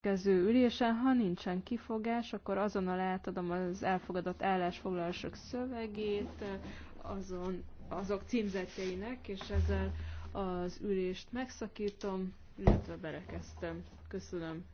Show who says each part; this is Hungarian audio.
Speaker 1: következő ülésen, ha nincsen kifogás, akkor azonnal átadom az elfogadott állásfoglalások szövegét, eh, azon, azok címzetjeinek, és ezzel az ülést megszakítom, illetve berekeztem. Köszönöm.